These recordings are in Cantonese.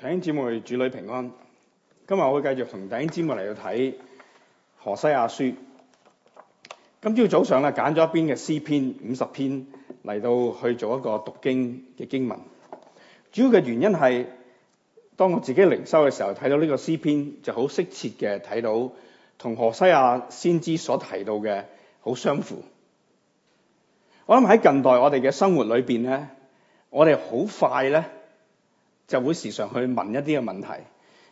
弟兄姊妹、主女平安。今日我會繼續同弟兄姊妹嚟到睇《何西阿書》。今朝早，早上咧，揀咗一篇嘅詩篇五十篇嚟到去做一個讀經嘅經文。主要嘅原因係，當我自己靈修嘅時候，睇到呢個詩篇就好適切嘅睇到，同何西阿先知所提到嘅好相符。我諗喺近代我哋嘅生活裏面咧，我哋好快咧。就會時常去問一啲嘅問題，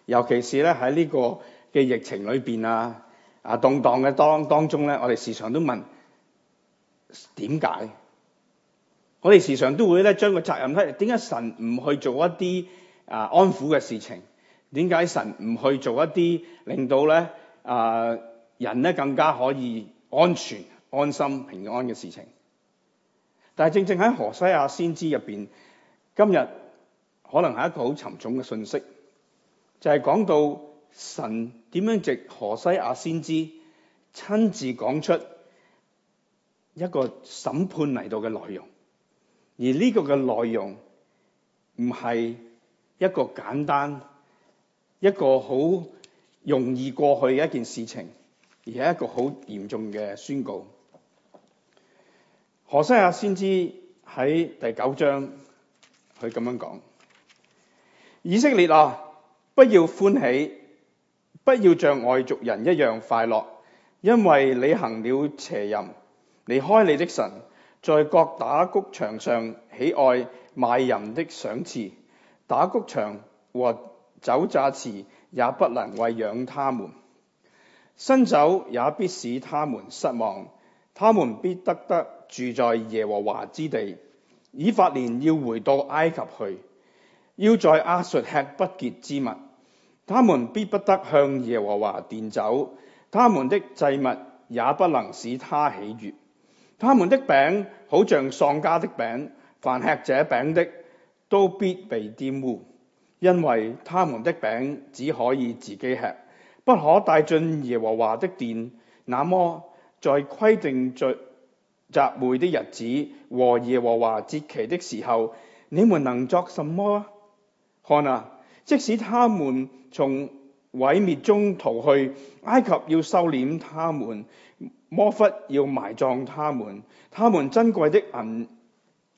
尤其是咧喺呢個嘅疫情裏邊啊，啊動盪嘅當當中咧，我哋時常都問點解？我哋時常都會咧將個責任咧，點解神唔去做一啲啊安撫嘅事情？點解神唔去做一啲令到咧啊人咧更加可以安全、安心、平安嘅事情？但係正正喺何西阿先知入邊，今日。可能係一個好沉重嘅信息，就係、是、講到神點樣藉何西阿先知親自講出一個審判嚟到嘅內容，而呢個嘅內容唔係一個簡單、一個好容易過去嘅一件事情，而係一個好嚴重嘅宣告。何西阿先知喺第九章佢咁樣講。以色列啊，不要歡喜，不要像外族人一樣快樂，因為你行了邪淫，離開你的神，在各打穀場上喜愛賣淫的賞賜，打穀場和酒榨池也不能餵養他們，新酒也必使他們失望，他們必得得住在耶和華之地。以法蓮要回到埃及去。要在亞述吃不潔之物，他們必不得向耶和華奠酒，他們的祭物也不能使他喜悅。他們的餅好像喪家的餅，凡吃這餅的都必被玷污，因為他們的餅只可以自己吃，不可帶進耶和華的殿。那麼，在規定聚集會的日子和耶和華節期的時候，你們能作什麼？看啊！即使他們從毀滅中逃去，埃及要收斂他們，摩弗要埋葬他們，他們珍貴的銀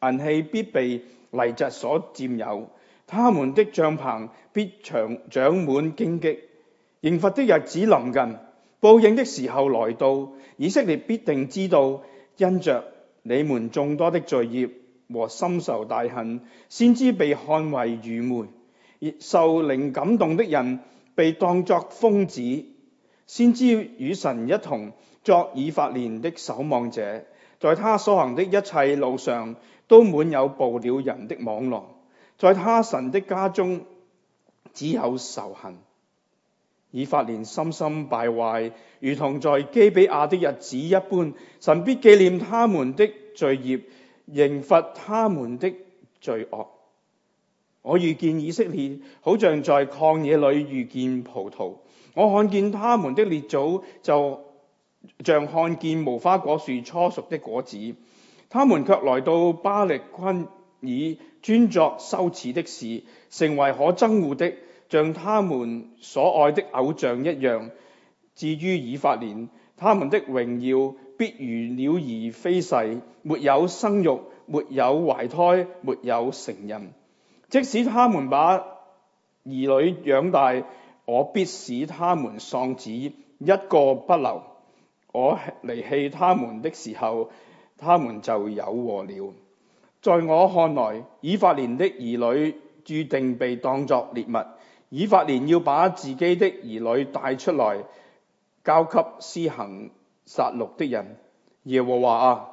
銀器必被泥塵所佔有，他們的帳棚必長長滿荊棘。刑罰的日子臨近，報應的時候來到，以色列必定知道，因着你們眾多的罪孽和深仇大恨，先知被看為愚昧。受靈感動的人被當作瘋子，先知與神一同作以法蓮的守望者，在他所行的一切路上都滿有捕鳥人的網羅，在他神的家中只有仇恨。以法蓮深深敗壞，如同在基比亞的日子一般，神必紀念他們的罪孽，刑罰他們的罪惡。我遇見以色列好像在曠野裏遇見葡萄，我看見他們的列祖就像看見無花果樹初熟的果子。他們卻來到巴力昆以，專作羞恥的事，成為可憎惡的，像他們所愛的偶像一樣。至於以法蓮，他們的榮耀必如鳥兒飛逝，沒有生育，沒有懷胎，沒有成人。即使他們把兒女養大，我必使他們喪子，一個不留。我離棄他們的時候，他們就有禍了。在我看來，以法蓮的兒女注定被當作獵物。以法蓮要把自己的兒女帶出來，交給施行殺戮的人。耶和華啊，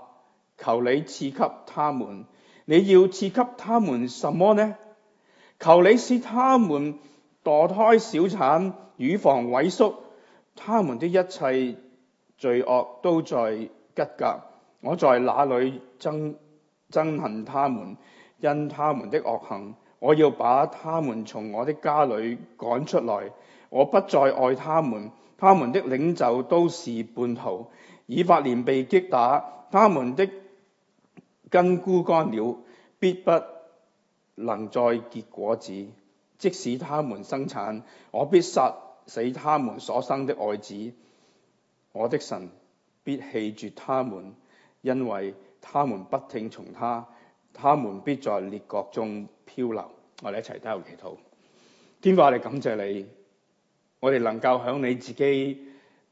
求你賜給他們，你要賜給他們什麼呢？求你使他們墮胎、小產、乳房萎縮，他們的一切罪惡都在吉格。我在那裏憎憎恨他們，因他們的惡行，我要把他們從我的家裏趕出來。我不再愛他們，他們的領袖都是叛徒，以法蓮被擊打，他們的根枯乾了，必不，能再結果子，即使他們生產，我必殺死他們所生的愛子。我的神必棄絕他們，因為他們不聽從他。他們必在列國中漂流。我哋一齊喺度祈禱，天父，我哋感謝你，我哋能夠喺你自己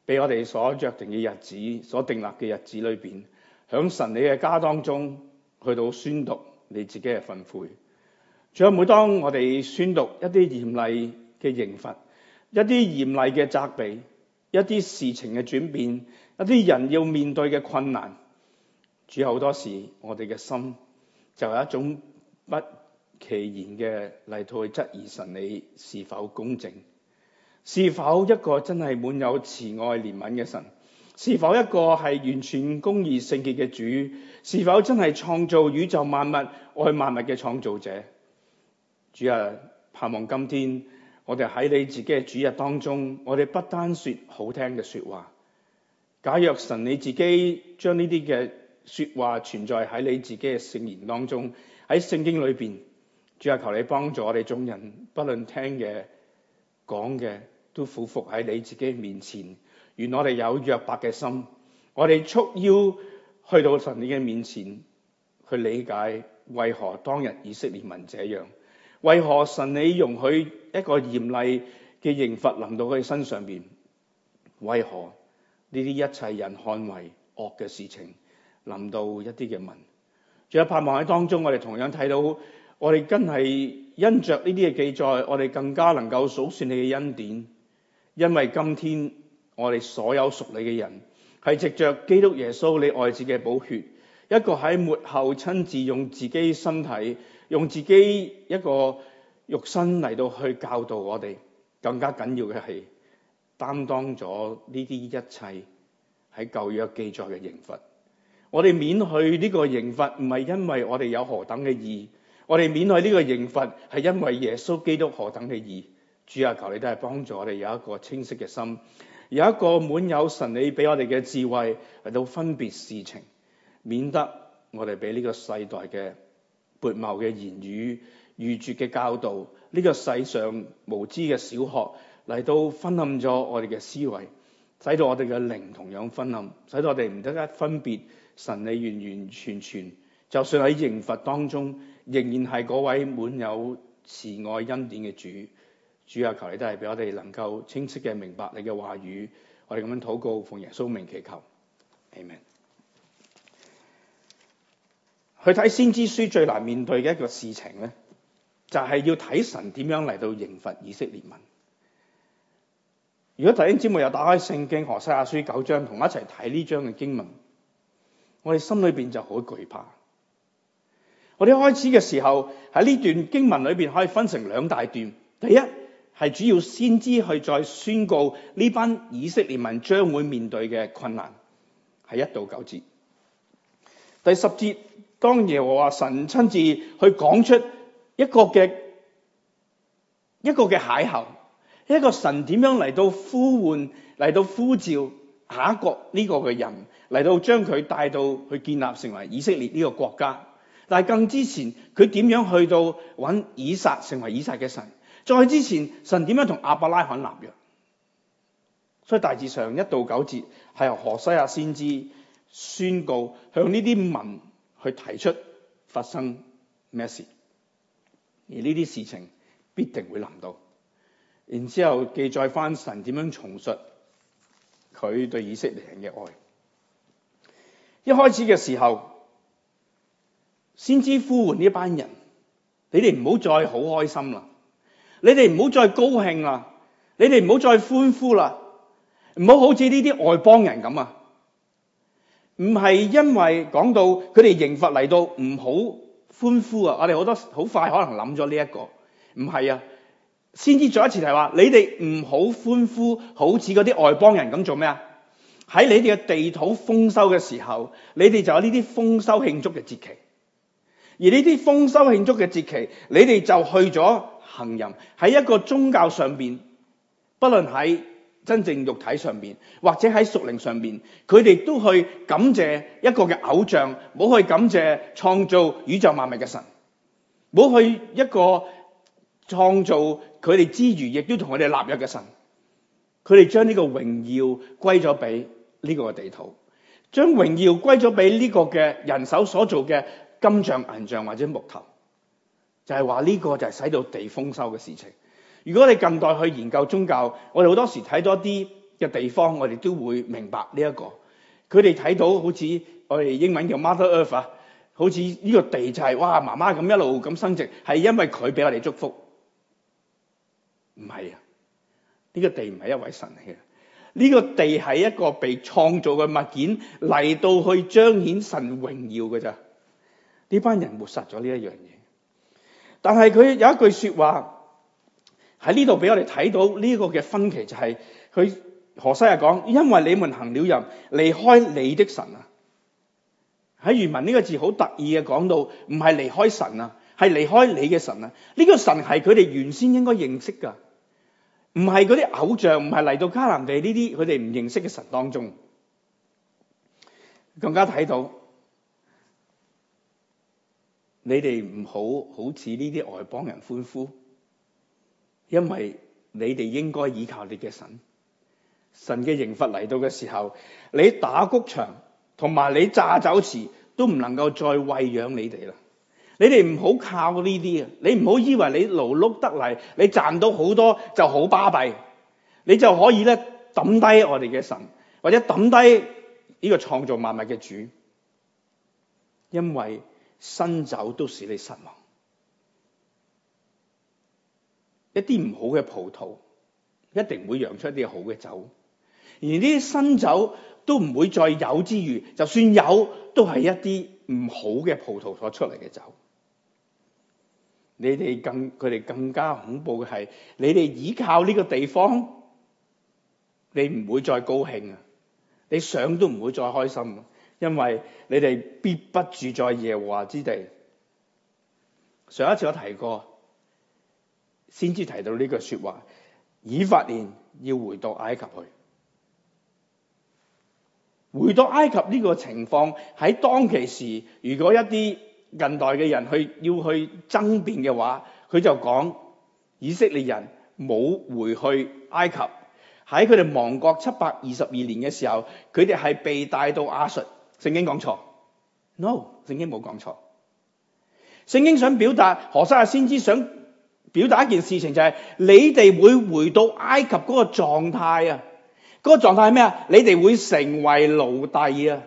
俾我哋所約定嘅日子、所定立嘅日子裏面，喺神你嘅家當中去到宣讀你自己嘅憤悔。仲有每當我哋宣讀一啲嚴厲嘅刑罰、一啲嚴厲嘅責備、一啲事情嘅轉變、一啲人要面對嘅困難，主，好多時我哋嘅心就有一種不其然嘅嚟到去質疑神你是否公正，是否一個真係滿有慈愛憐憫嘅神，是否一個係完全公義聖潔嘅主，是否真係創造宇宙萬物愛萬物嘅創造者？主啊，盼望今天我哋喺你自己嘅主日當中，我哋不單說好聽嘅說話。假若神你自己將呢啲嘅說話存在喺你自己嘅聖言當中，喺聖經裏邊，主啊，求你幫助我哋眾人，不論聽嘅、講嘅，都俯伏喺你自己面前。願我哋有約伯嘅心，我哋束腰去到神你嘅面前，去理解為何當日以色列民這樣。為何神你容許一個嚴厲嘅刑罰臨到佢身上邊？為何呢啲一切人看為惡嘅事情臨到一啲嘅民？仲有盼望喺當中，我哋同樣睇到，我哋真係因着呢啲嘅記載，我哋更加能夠數算你嘅恩典，因為今天我哋所有屬你嘅人係藉着基督耶穌你愛子嘅寶血，一個喺末後親自用自己身體。用自己一個肉身嚟到去教導我哋，更加緊要嘅係擔當咗呢啲一切喺舊約記載嘅刑罰。我哋免去呢個刑罰，唔係因為我哋有何等嘅義，我哋免去呢個刑罰係因為耶穌基督何等嘅義。主啊，求你都係幫助我哋有一個清晰嘅心，有一個滿有神理俾我哋嘅智慧嚟到分別事情，免得我哋俾呢個世代嘅。悖謬嘅言語、愚拙嘅教導，呢、這個世上無知嘅小學嚟到，昏暗咗我哋嘅思維，使到我哋嘅靈同樣昏暗，使到我哋唔得一分別神你完完全全，就算喺刑罰當中，仍然係嗰位滿有慈愛恩典嘅主。主啊，求你都係俾我哋能夠清晰嘅明白你嘅話語。我哋咁樣禱告，奉耶穌名祈求，阿門。去睇先知書最難面對嘅一個事情咧，就係要睇神點樣嚟到刑罰以色列民。如果弟兄姊妹有打開聖經何西阿書九章，同我一齊睇呢章嘅經文，我哋心裏邊就好懼怕。我哋開始嘅時候喺呢段經文裏邊可以分成兩大段，第一係主要先知去再宣告呢班以色列民將會面對嘅困難，係一到九節，第十節。當耶和華神親自去講出一個嘅一個嘅邂逅，一個神點樣嚟到呼喚嚟到呼召下一國呢個嘅人嚟到將佢帶到去建立成為以色列呢個國家。但係更之前佢點樣去到揾以撒成為以撒嘅神？再之前神點樣同亞伯拉罕立約？所以大致上一到九節係由何西阿先知宣告向呢啲民。去提出發生咩事，而呢啲事情必定會臨到。然之後記載翻神點樣重述佢對以色列人嘅愛。一開始嘅時候，先知呼喚呢班人：你哋唔好再好開心啦，你哋唔好再高興啦，你哋唔好再歡呼啦，唔好好似呢啲外邦人咁啊！唔係因為講到佢哋刑罰嚟到唔好歡呼啊！我哋好多好快可能諗咗呢一個，唔係啊，先知再一次係話：你哋唔好歡呼，好似嗰啲外邦人咁做咩啊？喺你哋嘅地土豐收嘅時候，你哋就有呢啲豐收慶祝嘅節期，而呢啲豐收慶祝嘅節期，你哋就去咗行淫喺一個宗教上面，不論喺，真正肉體上面，或者喺屬靈上面，佢哋都去感謝一個嘅偶像，冇去感謝創造宇宙萬物嘅神，冇去一個創造佢哋之餘，亦都同佢哋立約嘅神。佢哋將呢個榮耀歸咗俾呢個地土，將榮耀歸咗俾呢個嘅人手所做嘅金像銀像或者木頭，就係話呢個就係使到地豐收嘅事情。如果你近代去研究宗教，我哋好多時睇多啲嘅地方，我哋都會明白呢一個。佢哋睇到好似我哋英文叫 Mother Earth 啊，好似呢個地就係哇媽媽咁一路咁生殖，係因為佢俾我哋祝福，唔係啊？呢個地唔係一位神嚟嘅，呢個地係一個被創造嘅物件嚟到去彰顯神榮耀嘅咋。呢班人抹殺咗呢一樣嘢，但係佢有一句說話。喺呢度俾我哋睇到呢個嘅分歧就係，佢何西阿講，因為你們行了淫，離開你的神啊。喺原文呢個字好特意嘅講到，唔係離開神啊，係離開你嘅神啊。呢個神係佢哋原先應該認識噶，唔係嗰啲偶像，唔係嚟到迦南地呢啲佢哋唔認識嘅神當中，更加睇到你哋唔好好似呢啲外邦人歡呼。因為你哋應該依靠你嘅神，神嘅刑罰嚟到嘅時候，你打谷場同埋你榨酒池都唔能夠再餵養你哋啦。你哋唔好靠呢啲啊！你唔好以為你勞碌得嚟，你賺到好多就好巴閉，你就可以咧抌低我哋嘅神，或者抌低呢個創造萬物嘅主。因為新酒都使你失望。一啲唔好嘅葡萄，一定唔會釀出一啲好嘅酒。而呢啲新酒都唔會再有之餘，就算有，都係一啲唔好嘅葡萄所出嚟嘅酒。你哋更佢哋更加恐怖嘅係，你哋依靠呢個地方，你唔會再高興啊！你想都唔會再開心，因為你哋必不住在耶和華之地。上一次我提過。先知提到呢句說話，以法蓮要回到埃及去。回到埃及呢個情況喺當其時，如果一啲近代嘅人去要去爭辯嘅話，佢就講以色列人冇回去埃及。喺佢哋亡國七百二十二年嘅時候，佢哋係被帶到亞述。聖經講錯？No，聖經冇講錯。聖經想表達，何西阿先知想。表達一件事情就係你哋會回到埃及嗰個狀態啊，嗰個狀態係咩啊？你哋會成為奴隸啊！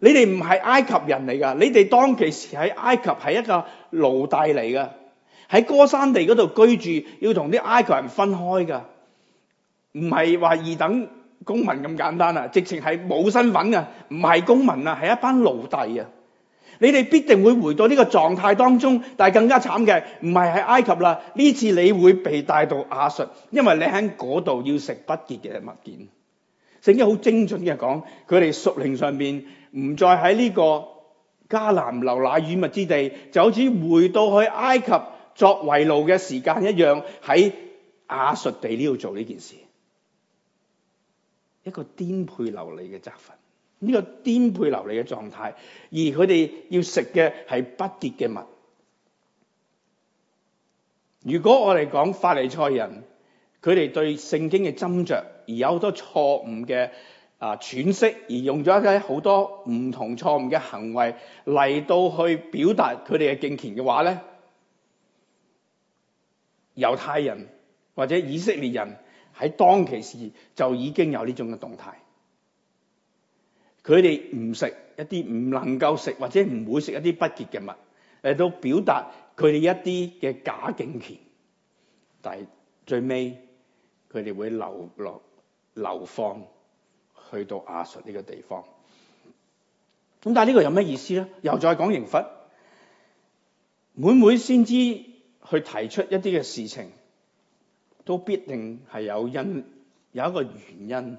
你哋唔係埃及人嚟㗎。你哋當其時喺埃及係一個奴隸嚟㗎。喺歌山地嗰度居住，要同啲埃及人分開㗎。唔係話二等公民咁簡單啊！直情係冇身份噶，唔係公民啊，係一班奴隸啊！你哋必定會回到呢個狀態當中，但係更加慘嘅唔係喺埃及啦，呢次你會被帶到亞述，因為你喺嗰度要食不潔嘅物件。聖經好精準嘅講，佢哋屬靈上邊唔再喺呢個迦南流奶與蜜之地，就好似回到去埃及作為奴嘅時間一樣，喺亞述地呢度做呢件事，一個顛沛流離嘅責罰。呢、這個顛沛流離嘅狀態，而佢哋要食嘅係不潔嘅物。如果我哋講法利賽人，佢哋對聖經嘅斟酌而有好多錯誤嘅啊詮釋，而用咗一啲好多唔同錯誤嘅行為嚟到去表達佢哋嘅敬虔嘅話咧，猶太人或者以色列人喺當其時就已經有呢種嘅動態。佢哋唔食一啲唔能夠食或者唔會食一啲不潔嘅物，嚟到表達佢哋一啲嘅假敬虔，但係最尾佢哋會流落流放去到亞述呢個地方。咁但係呢個有咩意思咧？又再講刑罰，每每先知去提出一啲嘅事情，都必定係有因有一個原因。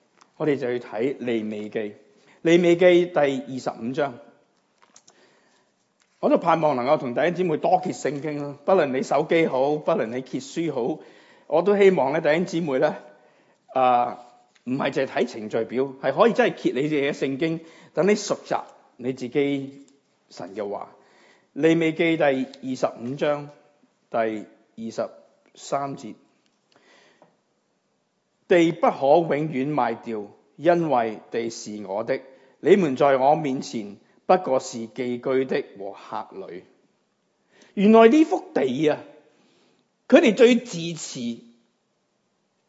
我哋就要睇利未記，利未記第二十五章。我都盼望能夠同弟兄姊妹多揭聖經啦，不論你手機好，不論你揭書好，我都希望咧，弟兄姊妹咧，啊、呃，唔係淨係睇程序表，係可以真係揭你哋嘅聖經，等你熟習你自己神嘅話。利未記第二十五章第二十三節。地不可永遠賣掉，因為地是我的。你們在我面前不過是寄居的和客旅。原來呢幅地呀、啊，佢哋最自恃、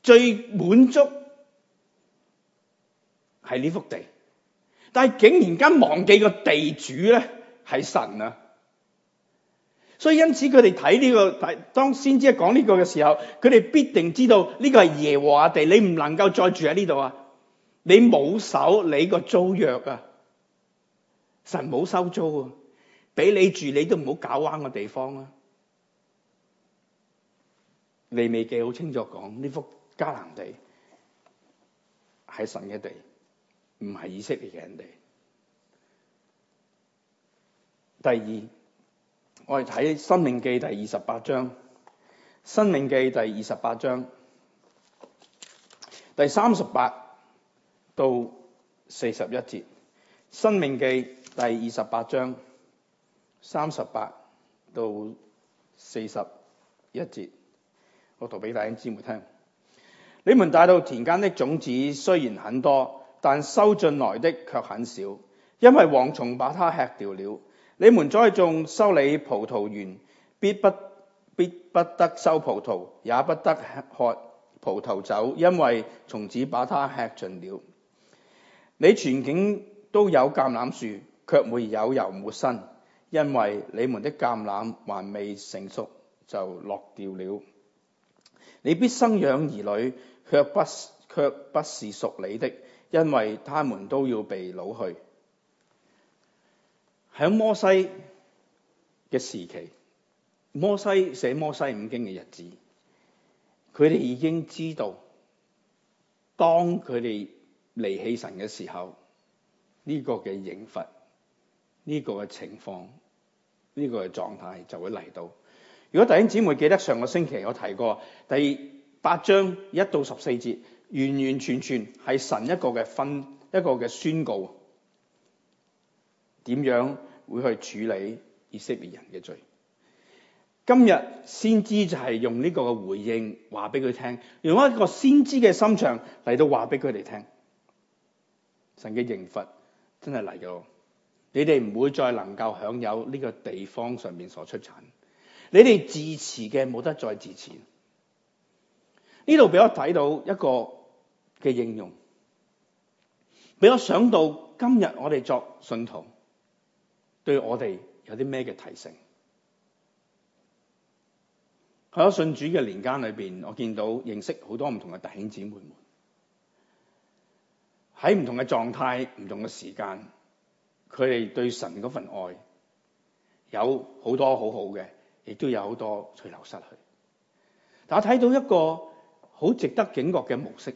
最滿足係呢幅地，但係竟然間忘記個地主呢是係神啊！所以因此佢哋睇呢個，當先知講呢個嘅時候，佢哋必定知道呢個係耶和華地，你唔能夠再住喺呢度啊！你冇守你個租約啊！神冇收租啊！俾你住你都唔好搞彎個地方啦！你未記好清楚講呢幅迦南地係神嘅地，唔係以色列人地。第二。我哋睇《申命記》第二十八章，《申命記》第二十八章第三十八到四十一節，《申命記》第二十八章三十八到四十一節，我讀俾大家姊妹聽。你們帶到田間的種子雖然很多，但收進來的卻很少，因為蝗蟲把它吃掉了。你們栽種、修理葡萄園，必不必不得收葡萄，也不得喝葡萄酒，因為蟲子把它吃盡了。你全境都有橄欖樹，卻沒有油沒身，因為你們的橄欖還未成熟就落掉了。你必生養兒女，卻不卻不，是屬你的，因為他們都要被老去。喺摩西嘅時期，摩西寫《摩西五經》嘅日子，佢哋已經知道，當佢哋離棄神嘅時候，呢個嘅刑罰，呢個嘅情況，呢個嘅狀態就會嚟到。如果弟兄姊妹記得上個星期我提過第八章一到十四節，完完全全係神一個嘅分一個嘅宣告。點樣會去處理以色列人嘅罪？今日先知就係用呢個嘅回應，話俾佢聽，用一個先知嘅心腸嚟到話俾佢哋聽，神嘅刑罰真係嚟咗，你哋唔會再能夠享有呢個地方上面所出產，你哋自持嘅冇得再自持。呢度俾我睇到一個嘅應用，俾我想到今日我哋作信徒。對我哋有啲咩嘅提醒？喺信主嘅年間裏邊，我見到認識好多唔同嘅弟兄姊妹們，喺唔同嘅狀態、唔同嘅時間，佢哋對神嗰份愛有好多好好嘅，亦都有好多隨流失去。但我睇到一個好值得警覺嘅模式，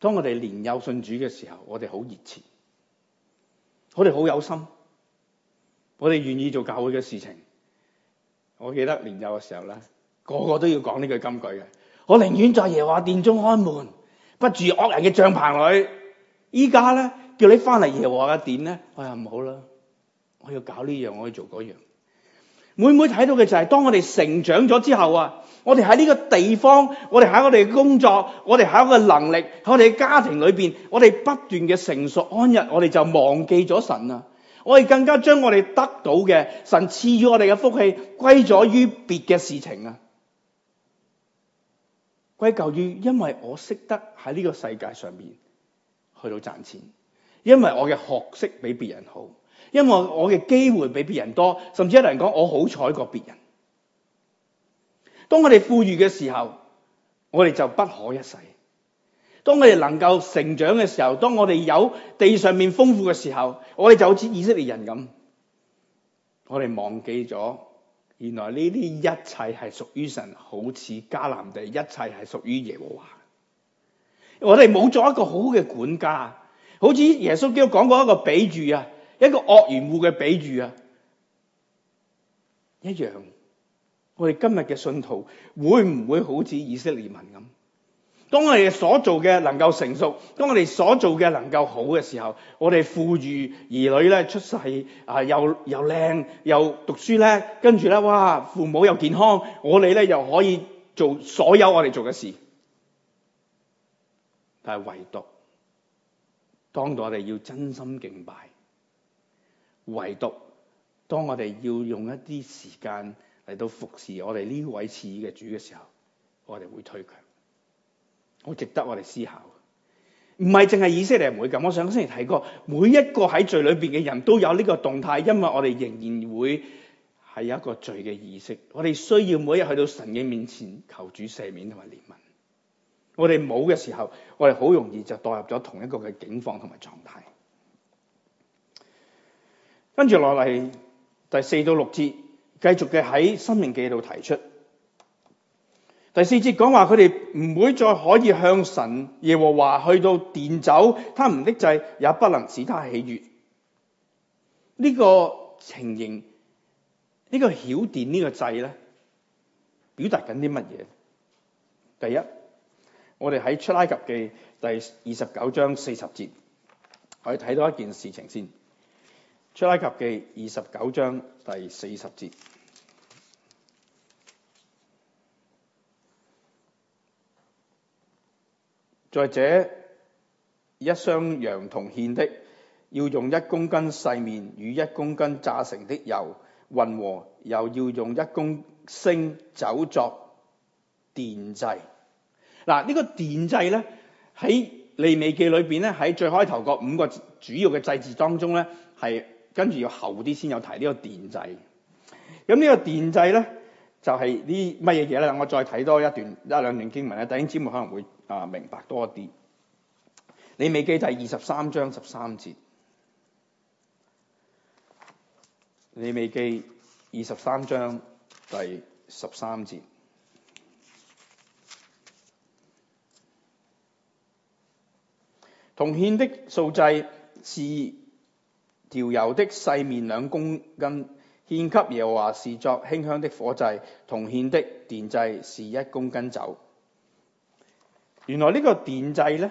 當我哋年幼信主嘅時候，我哋好熱切。我哋好有心，我哋願意做教會嘅事情。我記得年幼嘅時候呢，個個都要講呢句金句嘅。我寧願在耶和華殿中看門，不住惡人嘅帳棚裏。依家呢，叫你返嚟耶和華嘅殿呢，我又唔好啦。我要搞呢樣，我要做嗰樣。每每睇到嘅就係、是、當我哋成長咗之後啊，我哋喺呢個地方，我哋喺我哋嘅工作，我哋喺我嘅能力，喺我哋嘅家庭裏邊，我哋不斷嘅成熟安逸，我哋就忘記咗神啊！我哋更加將我哋得到嘅神賜予我哋嘅福氣歸咗於別嘅事情啊，歸咎於因為我識得喺呢個世界上面去到賺錢，因為我嘅學識比別人好。因為我嘅機會比別人多，甚至有人講我好彩過別人。當我哋富裕嘅時候，我哋就不可一世；當我哋能夠成長嘅時候，當我哋有地上面豐富嘅時候，我哋就好似以色列人咁，我哋忘記咗原來呢啲一切是屬於神，好似迦南地一切是屬於耶和華。我哋冇做一個好嘅管家，好似耶穌基督講過一個比喻啊。一個惡緣戶嘅比喻啊，一樣。我哋今日嘅信徒會唔會好似以色列民咁？當我哋所做嘅能夠成熟，當我哋所做嘅能夠好嘅時候，我哋富裕兒女出世又又靚又讀書呢，跟住呢，哇，父母又健康，我哋呢又可以做所有我哋做嘅事。但係唯獨，當到我哋要真心敬拜。唯獨當我哋要用一啲時間嚟到服侍我哋呢位賜意嘅主嘅時候，我哋會推佢，好值得我哋思考的。唔係淨係以色列唔會咁，我上星期提過，每一個喺罪裏邊嘅人都有呢個動態，因為我哋仍然會係有一個罪嘅意識。我哋需要每日去到神嘅面前求主赦免同埋憐憫。我哋冇嘅時候，我哋好容易就墮入咗同一個嘅境況同埋狀態。跟住落嚟第四到六節，繼續嘅喺《申命記》度提出。第四節講話佢哋唔會再可以向神耶和華去到電走，他唔的祭，也不能使他喜悅。呢、這個情形，呢、這個曉電個祭呢個祭咧，表達緊啲乜嘢？第一，我哋喺《出埃及記》第二十九章四十節，可以睇到一件事情先。出埃及記二十九章第四十節。在這，一箱羊同獻的，要用一公斤細麵與一公斤炸成的油混和，又要用一公升酒作奠祭。嗱，呢個奠祭咧喺利未記裏邊咧，喺最開頭嗰五個主要嘅祭祀當中咧係。跟住要後啲先有提呢個電掣。咁呢個電掣咧就係啲乜嘢嘢咧？我再睇多一段一兩段經文咧，弟兄姊妹可能會啊明白多一啲。利未記就係二十三章十三節，利未記二十三章第十三節，同獻的素祭是，調油的細麵兩公斤，獻給耶和華是作馨香的火祭，同獻的奠祭是一公斤酒。原來呢個奠祭咧，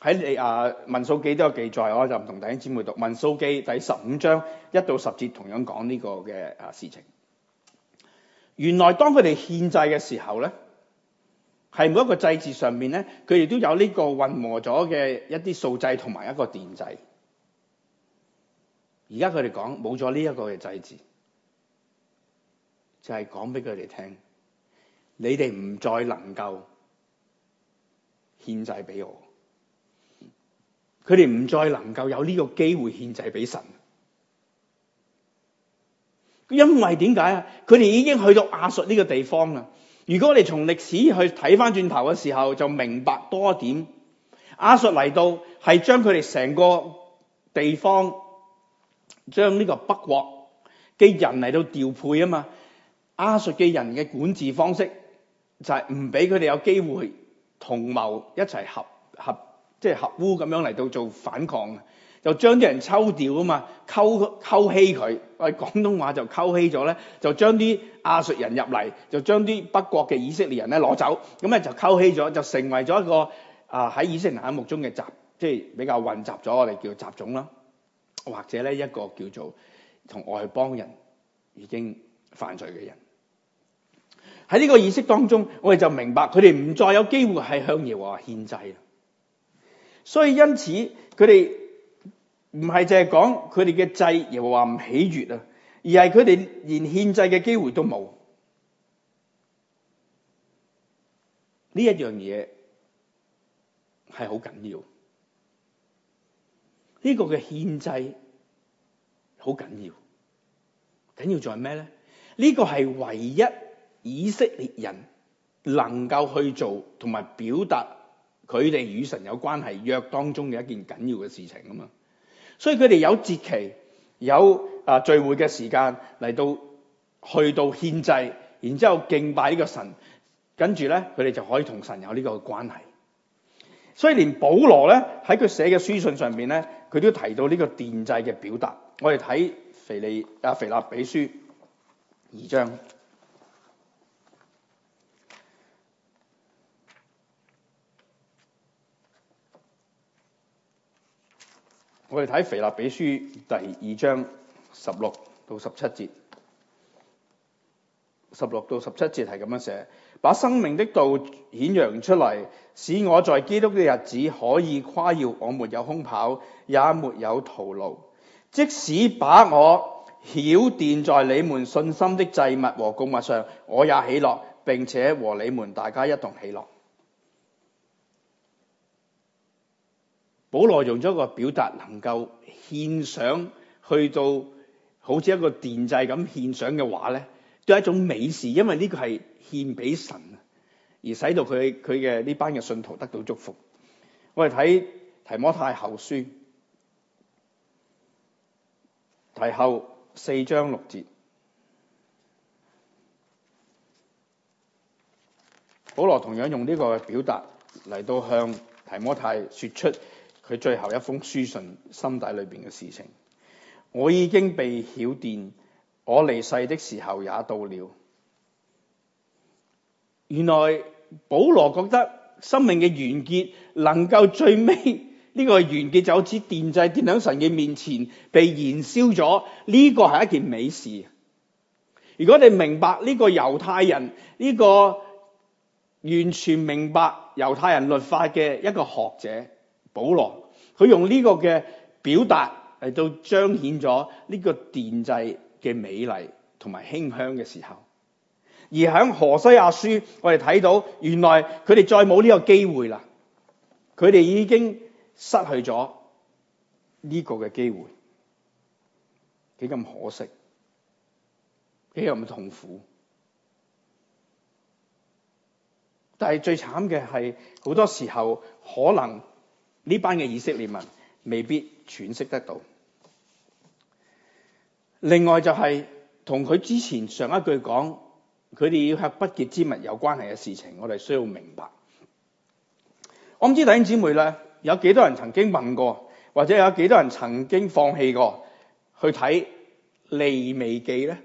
喺你啊民數記都有記載，我就唔同弟兄姊妹讀民數記第十五章一到十節，同樣講呢個嘅啊事情。原來當佢哋獻祭嘅時候咧，係每一個祭祀上面咧，佢哋都有呢個混和咗嘅一啲素祭同埋一個奠祭。而家佢哋講冇咗呢一個嘅制止，就係講俾佢哋聽，你哋唔再能夠獻祭俾我，佢哋唔再能夠有呢個機會獻祭俾神，因為點解啊？佢哋已經去到亞述呢個地方啦。如果我哋從歷史去睇翻轉頭嘅時候，就明白多一點。亞述嚟到係將佢哋成個地方。將呢個北國嘅人嚟到調配啊嘛，亞述嘅人嘅管治方式就係唔俾佢哋有機會同謀一齊合合即係合污咁樣嚟到做反抗，就將啲人抽掉啊嘛，溝溝稀佢，喂，我哋廣東話就溝稀咗咧，就將啲亞述人入嚟，就將啲北國嘅以色列人咧攞走，咁咧就溝稀咗，就成為咗一個啊喺、呃、以色列眼目中嘅雜，即係比較混雜咗，我哋叫雜種啦。或者呢，一個叫做同外邦人已經犯罪嘅人，喺呢個意識當中，我哋就明白佢哋唔再有機會係向耶和華獻祭啦。所以因此佢哋唔係淨係講佢哋嘅祭耶和華唔喜悅啊，而係佢哋連獻祭嘅機會都冇。呢一樣嘢係好緊要。呢個嘅獻祭好緊要，緊要在咩咧？呢個係唯一以色列人能夠去做同埋表達佢哋與神有關係約當中嘅一件緊要嘅事情啊嘛！所以佢哋有節期，有啊聚會嘅時間嚟到去到獻祭，然之後敬拜呢個神，跟住咧，佢哋就可以同神有呢個關係。所以連保羅咧喺佢寫嘅書信上邊咧，佢都提到呢個奠祭嘅表達。我哋睇腓利阿腓立比書二章，我哋睇腓立比書第二章十六到十七節。十六到十七節係咁樣寫，把生命的道顯揚出嚟，使我在基督嘅日子可以誇耀，我沒有空跑，也沒有徒勞。即使把我澆奠在你們信心的祭物和供物上，我也喜樂，並且和你們大家一同喜樂。保羅用咗個表達能夠獻上，去到好似一個奠祭咁獻上嘅話呢，都係一種美事，因為呢個係獻俾神，而使到佢佢嘅呢班嘅信徒得到祝福。我哋睇提摩太後書提後四章六節，保羅同樣用呢個表達嚟到向提摩太說出佢最後一封書信心底裏面嘅事情。我已經被曉電。我離世的時候也到了。原來保羅覺得生命嘅完結能夠最尾呢個完結，就好似電掣電喺神嘅面前被燃燒咗。呢個係一件美事。如果你明白呢個猶太人呢，呢個完全明白猶太人律法嘅一個學者保羅，佢用呢個嘅表達嚟到彰顯咗呢個電掣。嘅美麗同埋馨香嘅時候，而喺何西阿書，我哋睇到原來佢哋再冇呢個機會啦，佢哋已經失去咗呢個嘅機會，幾咁可惜，幾咁痛苦。但係最慘嘅係，好多時候可能呢班嘅以色列民未必喘息得到。另外就係同佢之前上一句講，佢哋要吃不潔之物有關係嘅事情，我哋需要明白。我唔知弟兄姊妹咧，有幾多人曾經問過，或者有幾多人曾經放棄過去睇利未記咧？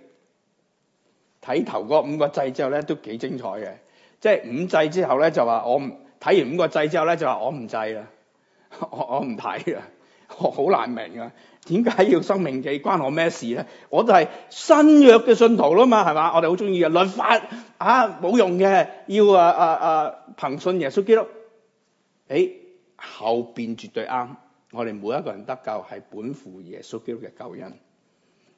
睇頭嗰五個祭之後咧，都幾精彩嘅。即係五祭之後咧，就話我唔睇完五個祭之後咧，就話我唔祭啦，我我唔睇啦。我好難明啊，點解要生命記？關我咩事咧？我都係新約嘅信徒啦嘛，係嘛？我哋好中意嘅律法啊，冇用嘅，要啊啊啊憑信耶穌基督。誒、哎，後邊絕對啱，我哋每一個人得救係本乎耶穌基督嘅救恩。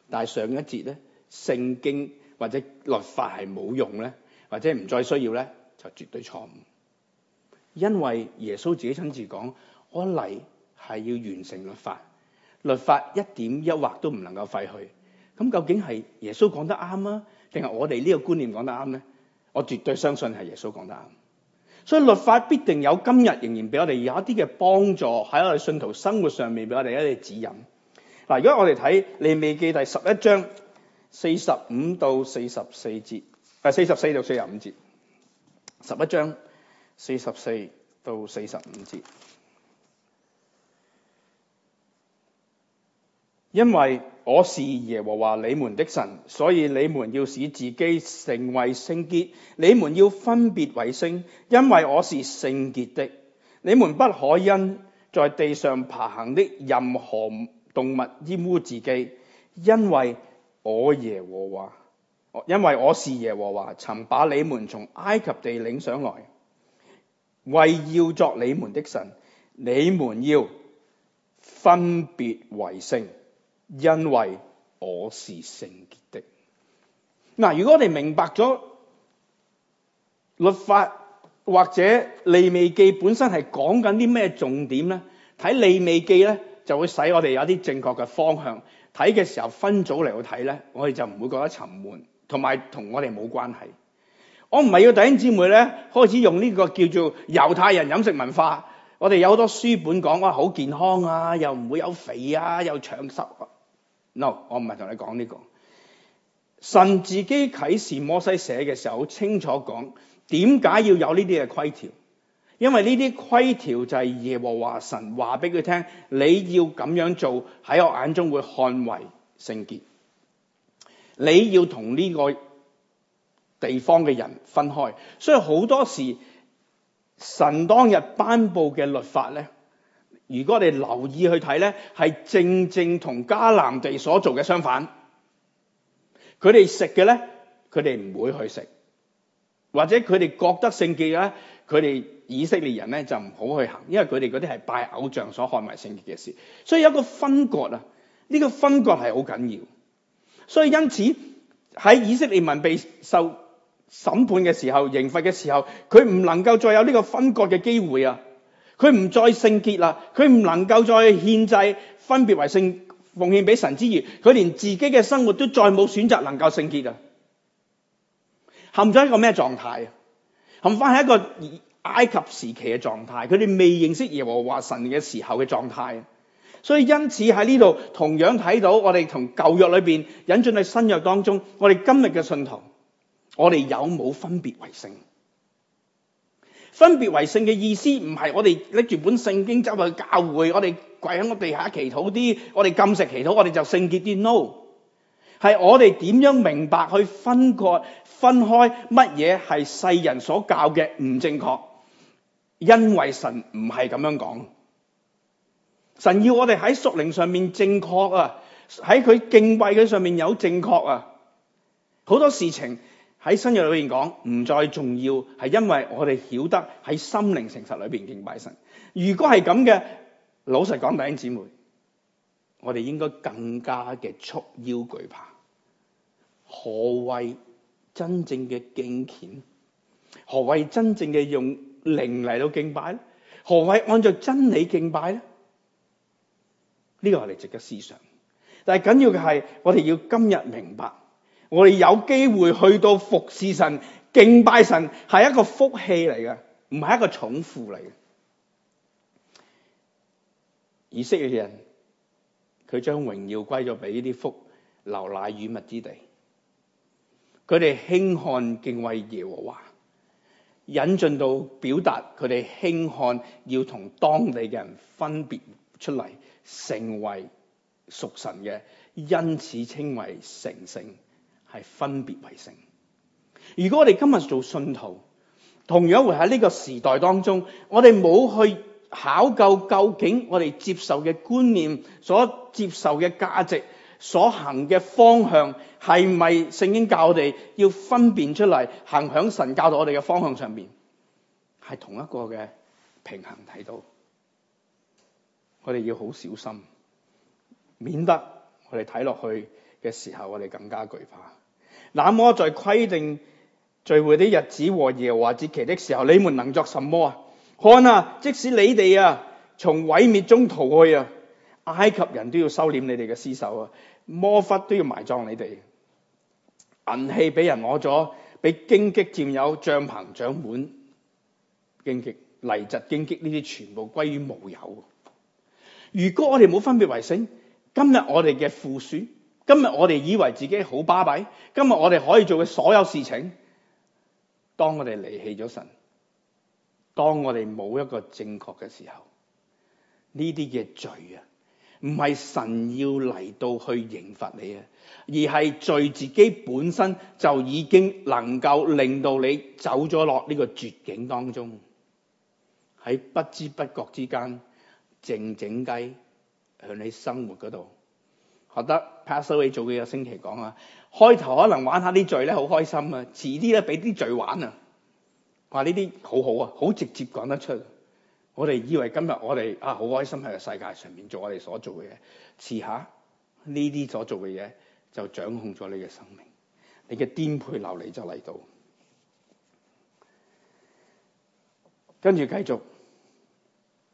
但係上一節咧，聖經或者律法係冇用咧，或者唔再需要咧，就絕對錯誤。因為耶穌自己親自講：我嚟。係要完成律法，律法一點一畫都唔能夠廢去。咁究竟係耶穌講得啱啊，定係我哋呢個觀念講得啱咧？我絕對相信係耶穌講得啱。所以律法必定有今日仍然俾我哋有一啲嘅幫助，喺我哋信徒生活上面俾我哋一啲指引。嗱，如果我哋睇利未記第十一章四十五到四十四節，誒、哎，四十四到四十五節，十一章四十四到四十五節。因為我是耶和華你們的神，所以你們要使自己成為聖潔，你們要分別為聖，因為我是聖潔的。你們不可因在地上爬行的任何動物玷污自己，因為我耶和華，因為我是耶和華，曾把你們從埃及地領上來，為要作你們的神。你們要分別為聖。因為我是聖潔的。嗱，如果我哋明白咗律法或者利未記本身係講緊啲咩重點咧，睇利未記咧就會使我哋有啲正確嘅方向。睇嘅時候分組嚟去睇咧，我哋就唔會覺得沉悶，同埋同我哋冇關係。我唔係要弟兄姊妹咧開始用呢個叫做猶太人飲食文化。我哋有好多書本講哇好健康啊，又唔會有肥啊，又長壽啊。no，我唔係同你講呢個。神自己啟示摩西寫嘅時候，好清楚講點解要有呢啲嘅規條，因為呢啲規條就係耶和華神話俾佢聽，你要咁樣做喺我眼中會捍衞聖潔，你要同呢個地方嘅人分開，所以好多時神當日頒布嘅律法咧。如果我哋留意去睇咧，係正正同迦南地所做嘅相反。佢哋食嘅咧，佢哋唔會去食，或者佢哋覺得聖潔嘅咧，佢哋以色列人咧就唔好去行，因為佢哋嗰啲係拜偶像所看埋聖潔嘅事。所以有一個分割啊，呢、呢個分割係好緊要。所以因此喺以色列民被受審判嘅時候、刑罰嘅時候，佢唔能夠再有呢個分割嘅機會啊。佢唔再聖潔啦，佢唔能夠再獻祭、分別為聖奉獻俾神之餘，佢連自己嘅生活都再冇選擇能夠聖潔啊！陷咗一個咩狀態啊？陷翻喺一個埃及時期嘅狀態，佢哋未認識耶和華神嘅時候嘅狀態。所以因此喺呢度同樣睇到我哋從舊約裏邊引進去新約當中，我哋今日嘅信徒，我哋有冇分別為聖？分別為聖嘅意思，唔係我哋拎住本聖經走去教會，我哋跪喺個地下祈禱啲，我哋禁食祈禱，我哋就聖潔啲。No，係我哋點樣明白去分割分開乜嘢係世人所教嘅唔正確，因為神唔係咁樣講。神要我哋喺屬靈上面正確啊，喺佢敬畏嘅上面有正確啊，好多事情。喺新約裏邊講唔再重要，係因為我哋曉得喺心靈誠實裏邊敬拜神。如果係咁嘅，老實講，弟兄姊妹，我哋應該更加嘅束腰懼怕。何謂真正嘅敬虔？何謂真正嘅用靈嚟到敬拜咧？何謂按照真理敬拜咧？呢個我哋值得思想。但係緊要嘅係，我哋要今日明白。我哋有機會去到服侍神、敬拜神，係一個福氣嚟嘅，唔係一個重負嚟嘅。以色列人佢將榮耀歸咗畀呢啲福，流奶與蜜之地，佢哋興漢敬畏耶和華，引進到表達佢哋興漢要同當地嘅人分別出嚟，成為屬神嘅，因此稱為成聖。係分別為聖如果我哋今日做信徒，同樣會喺呢個時代當中，我哋冇去考究究竟我哋接受嘅觀念、所接受嘅價值、所行嘅方向係咪聖經教我哋要分辨出嚟，行響神教導我哋嘅方向上邊，係同一個嘅平衡睇到。我哋要好小心，免得我哋睇落去嘅時候，我哋更加懼怕。那麼在規定聚會的日子和耶和華節期的時候，你們能作什麼啊？看啊，即使你哋啊從毀滅中逃去啊，埃及人都要收斂你哋嘅屍首啊，摩弗都要埋葬你哋，銀器俾人攞咗，俾荊棘佔有，帳篷長滿荊棘，泥澤荊棘呢啲全部歸於無有。如果我哋冇分別為聖，今日我哋嘅富庶。今日我哋以為自己好巴閉，今日我哋可以做嘅所有事情，當我哋離棄咗神，當我哋冇一個正確嘅時候，呢啲嘅罪啊，唔係神要嚟到去刑罰你啊，而係罪自己本身就已經能夠令到你走咗落呢個絕境當中，喺不知不覺之間，靜靜雞向你生活嗰度。覺得 pass away 做幾個星期講啊，開頭可能玩下啲罪咧好開心啊，遲啲咧俾啲罪玩啊，話呢啲好好啊，好直接講得出。我哋以為今日我哋啊好開心喺個世界上面做我哋所做嘅嘢，遲下呢啲所做嘅嘢就掌控咗你嘅生命，你嘅顛沛流離就嚟到。跟住繼續。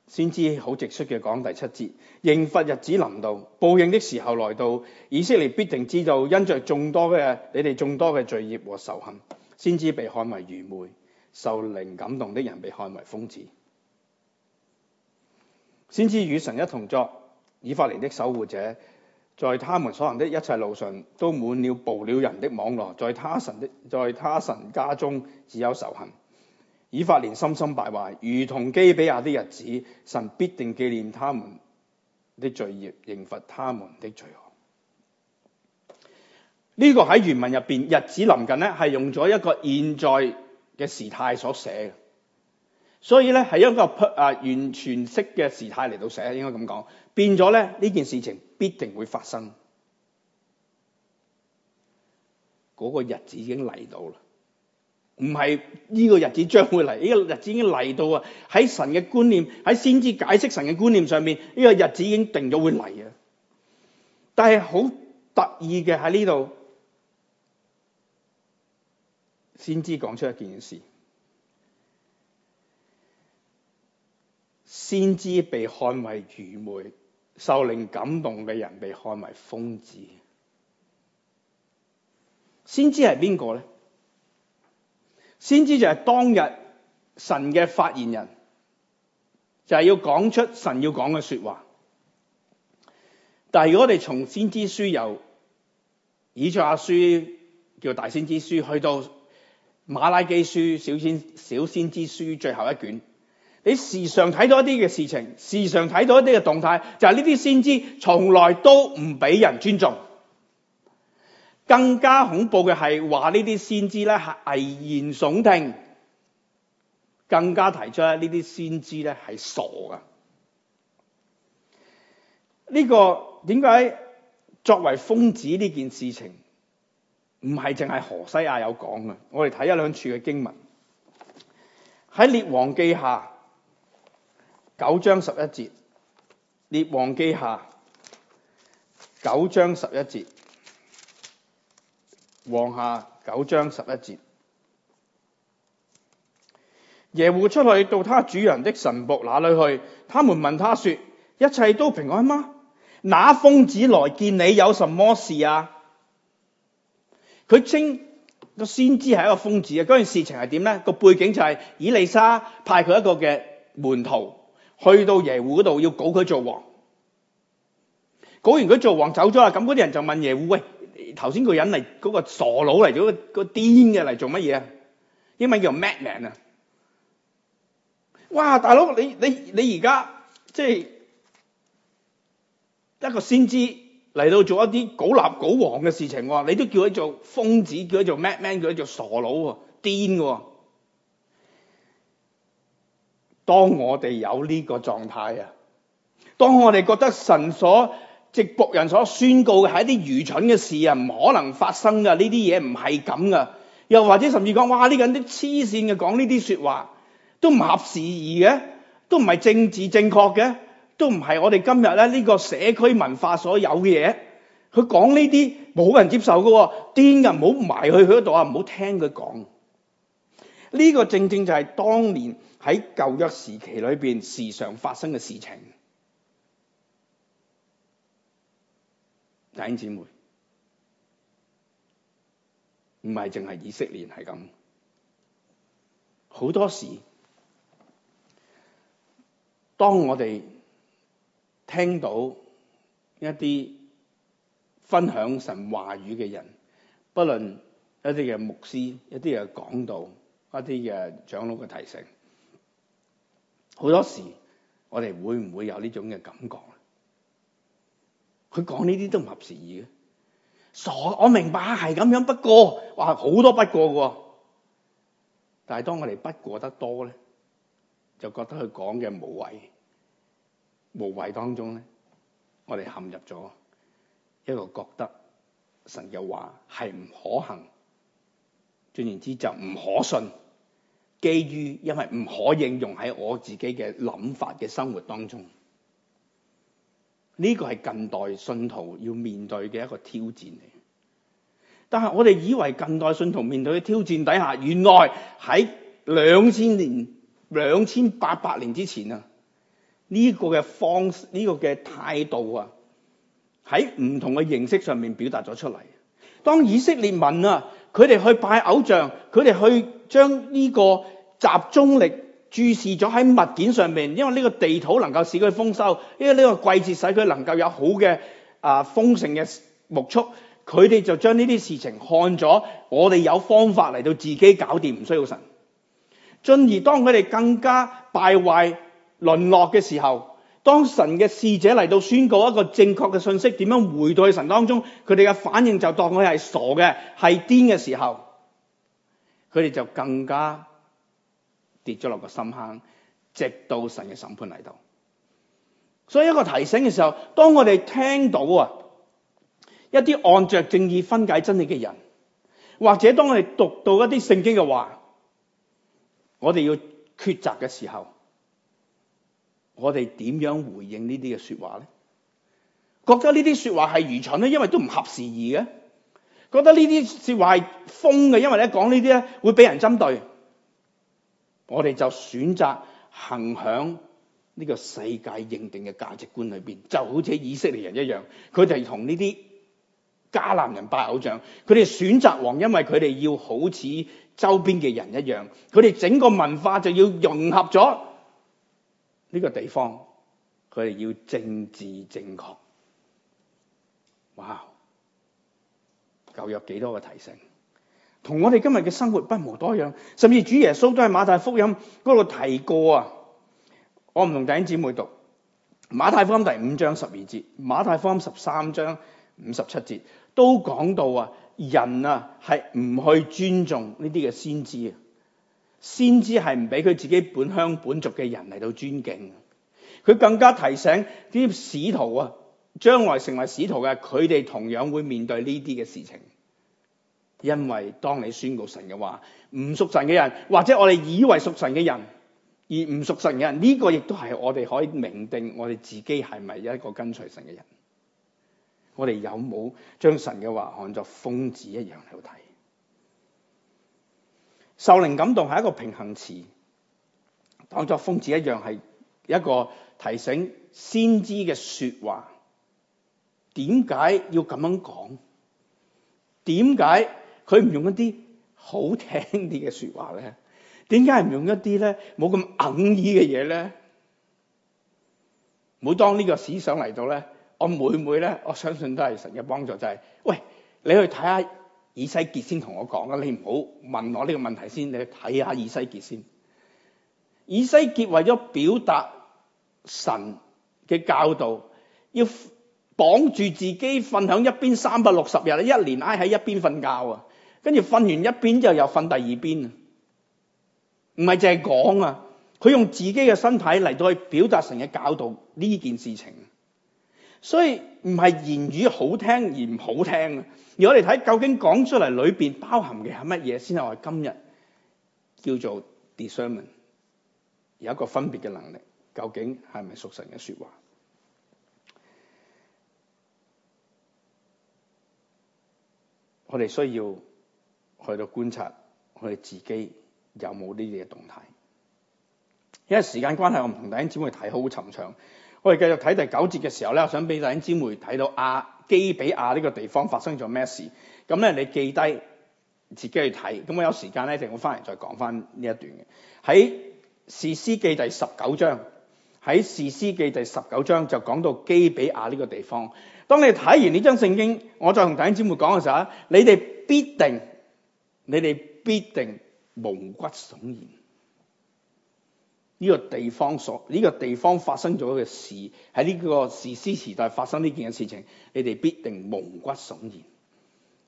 先知好直率嘅講第七節，刑罰日子臨到，報應的時候來到，以色列必定知道因着眾多嘅你哋眾多嘅罪孽和仇恨，先知被看為愚昧，受靈感動的人被看為瘋子，先知與神一同作以法蓮的守護者，在他們所行的一切路上都滿了捕鳥人的網羅，在他神的，在他神家中只有仇恨。以法蓮深深敗壞，如同基比亞的日子，神必定紀念他們的罪孽，刑罰他們的罪惡。呢個喺原文裏面，日子臨近呢，是用咗一個現在的時態所寫的，所以是一個啊完全式的時態嚟到，寫，應該這咁講，變咗呢件事情必定會發生，嗰個日子已經來到了唔係呢個日子將會嚟，呢個日子已經嚟到啊！喺神嘅觀念，喺先知解釋神嘅觀念上面，呢個日子已經定咗會嚟啊！但係好得意嘅喺呢度，先知講出一件事：先知被看為愚昧、受靈感動嘅人，被看為瘋子。先知係邊個呢？先知就係當日神嘅發言人，就係要講出神要講嘅說話。但係如果我哋從先知書，由以賽亞書叫大先知書去到馬拉基書小先小先知書最後一卷，你時常睇到一啲嘅事情，時常睇到一啲嘅動態，就係呢啲先知從來都唔俾人尊重。更加恐怖嘅係話呢啲先知咧係危言聳聽，更加提出呢啲先知咧係傻噶。呢、呢個點解作為瘋子呢件事情唔係淨係何西阿有講噶？我哋睇一兩處嘅經文，喺列王記下九章十一節，列王記下九章十一節。王下九章十一節，耶戶出去到他主人的神僕那裡去，他們問他說：一切都平安嗎？那瘋子來見你有什麼事啊？佢稱先知係一個瘋子嘅，嗰件事情係點咧？個背景就係以利沙派佢一個嘅門徒去到耶戶嗰度，要膏佢做王，膏完佢做王走咗啦，咁嗰啲人就問耶戶喂。頭先個人嚟嗰個傻佬嚟咗，個個癲嘅嚟做乜嘢啊？英文叫 madman 啊！哇，大佬你你你，而家即係一個先知嚟到做一啲膏立膏王嘅事情喎，你都叫佢做瘋子，叫佢做 madman，叫佢做傻佬喎，癲嘅。當我哋有呢個狀態啊，當我哋覺得神所直僕人所宣告嘅係一啲愚蠢嘅事啊，唔可能發生噶，呢啲嘢唔係咁噶。又或者甚至講哇，呢啲人啲黐線嘅講呢啲説話都唔合時宜嘅，都唔係政治正確嘅，都唔係我哋今日咧呢個社區文化所有嘅嘢。佢講呢啲冇人接受嘅，癲嘅，唔好埋去佢嗰度啊，唔好聽佢講。呢個正正就係當年喺舊約時期裏邊時常發生嘅事情。弟兄姊妹，唔係淨係以色列係咁，好多時，當我哋聽到一啲分享神話語嘅人，不論一啲嘅牧師、一啲嘅講道、一啲嘅長老嘅提醒，好多時我哋會唔會有呢種嘅感覺？佢講呢啲都唔合時宜嘅，傻！我明白係咁樣，不過話好多不過嘅，但係當我哋不過得多咧，就覺得佢講嘅無謂，無謂當中咧，我哋陷入咗一個覺得神又話係唔可行，換言之，就唔可信，基於因為唔可應用喺我自己嘅諗法嘅生活當中。呢、這個係近代信徒要面對嘅一個挑戰嚟，但係我哋以為近代信徒面對嘅挑戰底下，原來喺兩千年、兩千八百年之前啊，呢、這個嘅方呢個嘅態度啊，喺唔同嘅形式上面表達咗出嚟。當以色列民啊，佢哋去拜偶像，佢哋去將呢個集中力。注視咗喺物件上面，因為呢個地土能夠使佢豐收，因為呢個季節使佢能夠有好嘅啊豐盛嘅牧畜，佢哋就將呢啲事情看咗，我哋有方法嚟到自己搞掂，唔需要神。進而當佢哋更加敗壞、淪落嘅時候，當神嘅使者嚟到宣告一個正確嘅信息，點樣回到去神當中，佢哋嘅反應就當佢係傻嘅、係癲嘅時候，佢哋就更加。跌咗落個深坑，直到神嘅審判嚟到。所以一個提醒嘅時候，當我哋聽到啊一啲按着正義分解真理嘅人，或者當我哋讀到一啲聖經嘅話，我哋要抉擇嘅時候，我哋點樣回應呢啲嘅說話咧？覺得呢啲說話係愚蠢咧，因為都唔合時宜嘅；覺得呢啲說話係瘋嘅，因為咧講呢啲咧會俾人針對。我哋就選擇行喺呢個世界認定嘅價值觀裏面，就好似以色列人一樣，佢哋同呢啲迦南人拜偶像，佢哋選擇王，因為佢哋要好似周邊嘅人一樣，佢哋整個文化就要融合咗呢個地方，佢哋要政治正確。哇！舊約幾多個提升？同我哋今日嘅生活不無多樣，甚至主耶穌都喺馬太福音嗰度提過啊！我唔同弟兄姊妹讀馬太福音第五章十二節，馬太福音十三章五十七節，都講到啊，人啊係唔去尊重呢啲嘅先知啊，先知係唔俾佢自己本鄉本族嘅人嚟到尊敬，佢更加提醒啲使徒啊，將來成為使徒嘅，佢哋同樣會面對呢啲嘅事情。因為當你宣告神嘅話，唔屬神嘅人，或者我哋以為屬神嘅人而唔屬神嘅人，呢、這個亦都係我哋可以明定我哋自己係咪一個跟隨神嘅人。我哋有冇將神嘅話看作瘋子一樣喺度睇？受靈感動係一個平衡詞，當作瘋子一樣係一個提醒先知嘅說話。點解要咁樣講？點解？佢唔用一啲好聽啲嘅說話咧，點解唔用一啲咧冇咁硬意嘅嘢咧？每當呢個思想嚟到咧，我每每咧，我相信都係神嘅幫助，就係、是、喂你去睇下以西結先同我講啊。你唔好問我呢個問題先，你去睇下以西結先。以西結為咗表達神嘅教導，要綁住自己瞓響一邊三百六十日啊！一年挨喺一邊瞓覺啊！跟住瞓完一邊之後又瞓第二邊啊！唔係淨係講啊，佢用自己嘅身體嚟到去表達成嘅教導呢件事情。所以唔係言語好聽而唔好聽啊！而我哋睇究竟講出嚟裏邊包含嘅係乜嘢，先係我哋今日叫做 discernment，有一個分別嘅能力。究竟係咪屬神嘅說話？我哋需要。去到觀察佢哋自己有冇呢啲嘅動態，因為時間關係，我唔同弟兄姊妹睇好沉長。我哋繼續睇第九節嘅時候咧，我想俾弟兄姊妹睇到亞基比亞呢個地方發生咗咩事。咁咧，你記低自己去睇。咁我有時間咧，一定會翻嚟再講翻呢一段嘅，喺《士師記》第十九章，喺《士師記》第十九章就講到基比亞呢個地方。當你睇完呢章聖經，我再同弟兄姊妹講嘅時候，你哋必定。你哋必定毛骨悚然，呢、這個地方所，呢、這個地方發生咗嘅事，喺呢個士師時代發生呢件嘅事情，你哋必定毛骨悚然，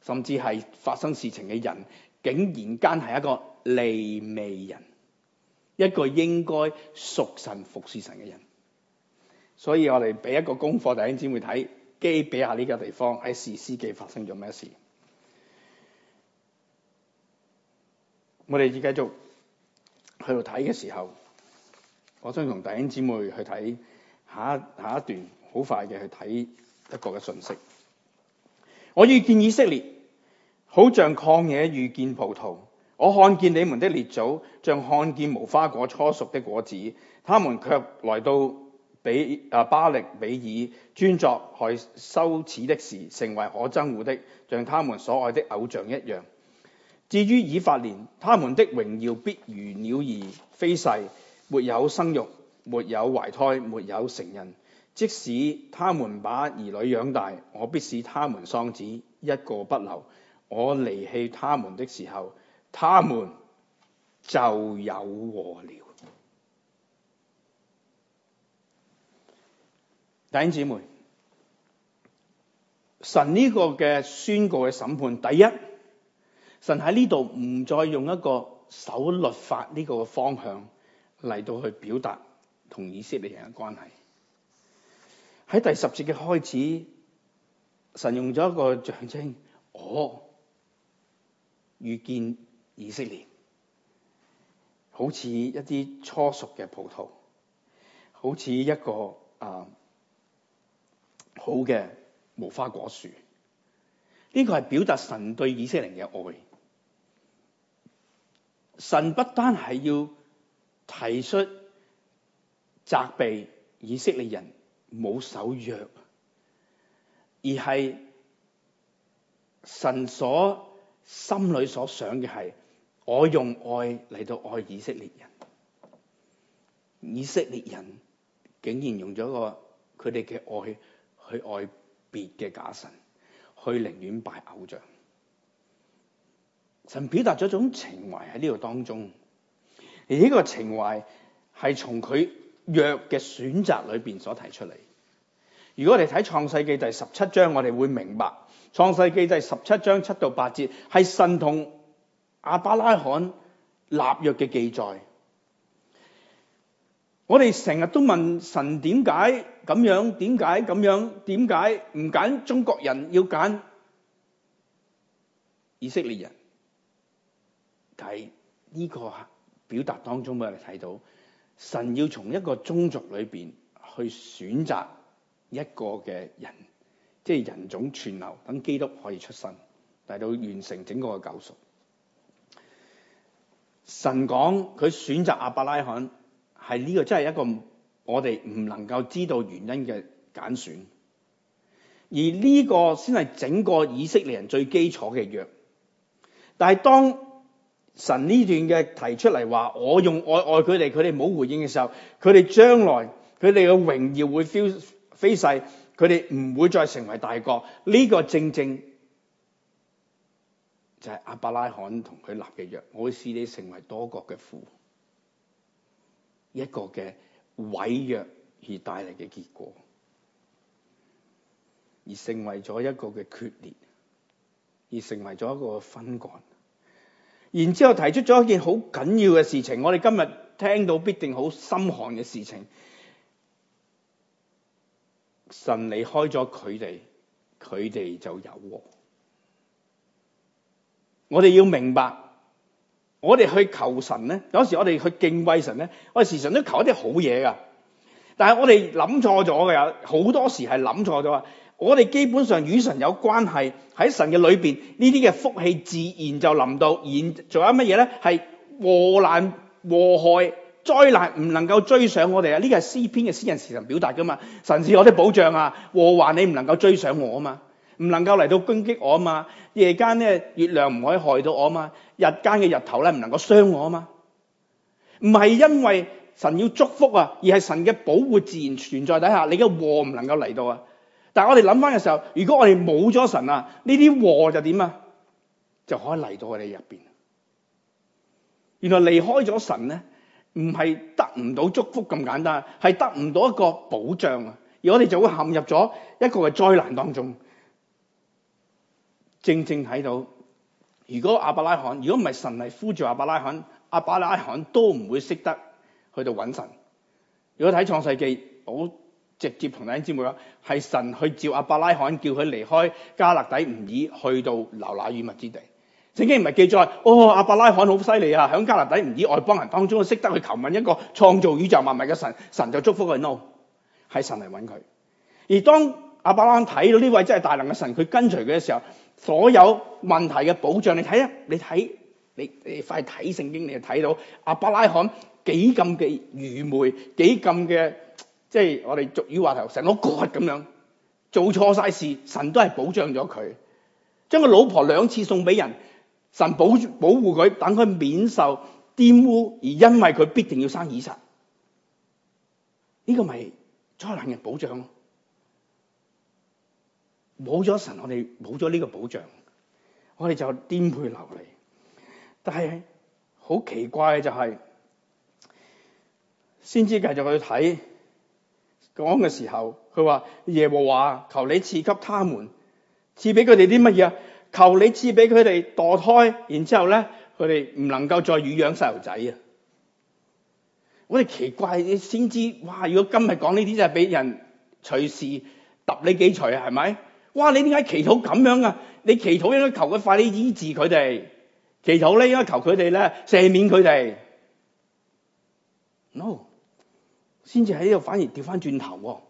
甚至係發生事情嘅人，竟然間係一個利未人，一個應該屬神服侍神嘅人，所以我哋俾一個功課，大家先會睇基比亞呢個地方喺士師記發生咗咩事。我哋要繼續去到睇嘅時候，我想同弟兄姊妹去睇下一下一段，好快嘅去睇德國嘅信息。我遇見以色列，好像曠野遇見葡萄，我看見你們的列祖，像看見無花果初熟的果子，他們卻來到比啊巴力毗珥，專作害羞恥的事，成為可憎惡的，像他們所愛的偶像一樣。至於以法蓮，他們的榮耀必如鳥兒飛逝，沒有生育，沒有懷胎，沒有成人。即使他們把兒女養大，我必使他們喪子，一個不留。我離棄他們的時候，他們就有禍了。弟兄姊妹，神呢個嘅宣告嘅審判，第一。神喺呢度唔再用一個守律法呢個方向嚟到去表達同以色列人嘅關係。喺第十節嘅開始，神用咗一個象徵，我遇見以色列，好似一啲初熟嘅葡萄，好似一個啊好嘅無花果樹。呢、呢個係表達神對以色列人嘅愛。神不單係要提出責備以色列人冇守約，而係神所心裏所想嘅係，我用愛嚟到愛以色列人，以色列人竟然用咗個佢哋嘅愛去愛別嘅假神，去寧願拜偶像。神表達咗一種情懷喺呢度當中，而呢個情懷係從佢約嘅選擇裏邊所提出嚟。如果我哋睇創世紀第十七章，我哋會明白創世紀第十七章七到八節係神同阿巴拉罕立約嘅記載。我哋成日都問神點解咁樣？點解咁樣？點解唔揀中國人要揀以色列人？喺呢個表達當中，我哋睇到神要從一個宗族裏邊去選擇一個嘅人，即係人種串流，等基督可以出生，嚟到完成整個嘅救贖。神講佢選擇亞伯拉罕係呢個，真係一個我哋唔能夠知道原因嘅揀選，而呢個先係整個以色列人最基礎嘅約。但係當神呢段嘅提出嚟話，我用愛愛佢哋，佢哋冇回應嘅時候，佢哋將來佢哋嘅榮耀會飛飛逝，佢哋唔會再成為大國。呢、這個正正就係亞伯拉罕同佢立嘅約，我會使你成為多國嘅父，一個嘅毀約而帶嚟嘅結果，而成為咗一個嘅決裂，而成為咗一個，的了一個的分裂。然之後提出咗一件好緊要嘅事情，我哋今日聽到必定好心寒嘅事情。神離開咗佢哋，佢哋就有禍。我哋要明白，我哋去求神咧，有時我哋去敬畏神咧，我哋時常都求一啲好嘢噶，但係我哋諗錯咗嘅，好多時係諗錯咗啊！我哋基本上與神有關係喺神嘅裏面，呢啲嘅福氣自然就臨到。而仲有乜嘢呢？係禍難、禍害、災難唔能夠追上我哋。呢個係《詩篇》嘅詩人時常表達㗎嘛？神是我哋保障啊！禍患你唔能夠追上我嘛，唔能夠嚟到攻擊我嘛。夜間呢，月亮唔可以害到我嘛。日間嘅日頭呢，唔能夠傷我嘛。唔係因為神要祝福啊，而係神嘅保護自然存在底下，你嘅禍唔能夠嚟到啊。但係我哋諗翻嘅時候，如果我哋冇咗神啊，呢啲禍就點啊？就可以嚟到我哋入邊。原來離開咗神咧，唔係得唔到祝福咁簡單，係得唔到一個保障啊！而我哋就會陷入咗一個嘅災難當中。正正睇到，如果阿伯拉罕，如果唔係神係呼住阿伯拉罕，阿伯拉罕都唔會識得去到搵神。如果睇創世記直接同弟兄姊妹話：係神去召阿伯拉罕，叫佢離開加勒底吾爾，去到流奶與蜜之地。聖經唔係記載哦，阿伯拉罕好犀利啊！喺加勒底吾爾外邦人當中，識得去求問一個創造宇宙萬物嘅神，神就祝福佢。No，係神嚟揾佢。而當阿伯拉罕睇到呢位真係大能嘅神，佢跟隨佢嘅時候，所有問題嘅保障，你睇啊，你睇，你你快睇聖經，你就睇到阿伯拉罕幾咁嘅愚昧，幾咁嘅。即係我哋俗語話頭，神個割咁樣做錯晒事，神都係保障咗佢，將個老婆兩次送俾人，神保保護佢，等佢免受玷污，而因為佢必定要生以實，呢、這個咪災難嘅保障咯。冇咗神，我哋冇咗呢個保障，我哋就顛沛流離。但係好奇怪嘅就係、是，先知繼續去睇。講嘅時候，佢話耶和華求你賜給他們，賜俾佢哋啲乜嘢？求你賜俾佢哋墮胎，然之後咧，佢哋唔能夠再撫養細路仔啊！我哋奇怪，你先知，哇！如果今日講呢啲，就係俾人隨時揼你幾錘啊？係咪？哇！你點解祈禱咁樣啊？你祈禱應該求佢快啲醫治佢哋，祈禱咧應該求佢哋咧赦免佢哋。No。先至喺度，反而掉翻轉頭，哦。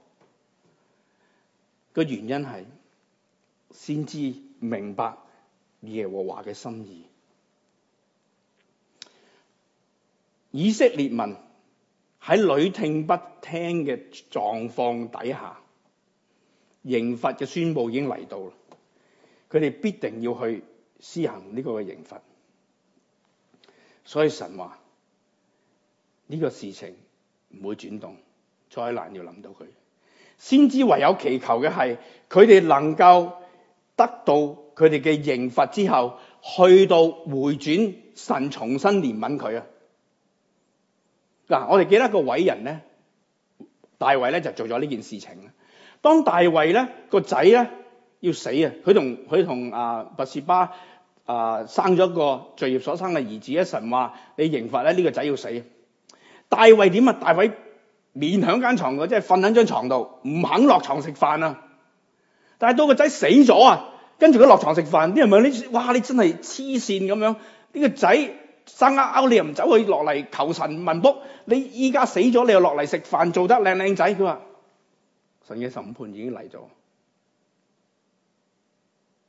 個原因係先知明白耶和華嘅心意。以色列民喺屢聽不聽嘅狀況底下，刑罰嘅宣布已經嚟到，佢哋必定要去施行呢個嘅刑罰。所以神話呢，這個事情。唔會轉動，再難要諗到佢，先知唯有祈求嘅係佢哋能夠得到佢哋嘅刑罰之後，去到回轉神重新憐憫佢啊！嗱，我哋記得個偉人咧，大衛咧就做咗呢件事情啦。當大衛咧個仔咧要死啊，佢同佢同啊拔示巴啊生咗個罪孽所生嘅兒子，一神話你刑罰咧呢個仔要死。大衛點啊？大衛面喺間床度，即係瞓喺張床度，唔肯落床食飯啊！但係到個仔死咗啊，跟住佢落床食飯，啲人話你：「哇，你真係黐線咁樣！呢、這個仔生勾勾，你又唔走去落嚟求神問卜，你依家死咗，你又落嚟食飯，做得靚靚仔，佢話神嘅審判已經嚟咗，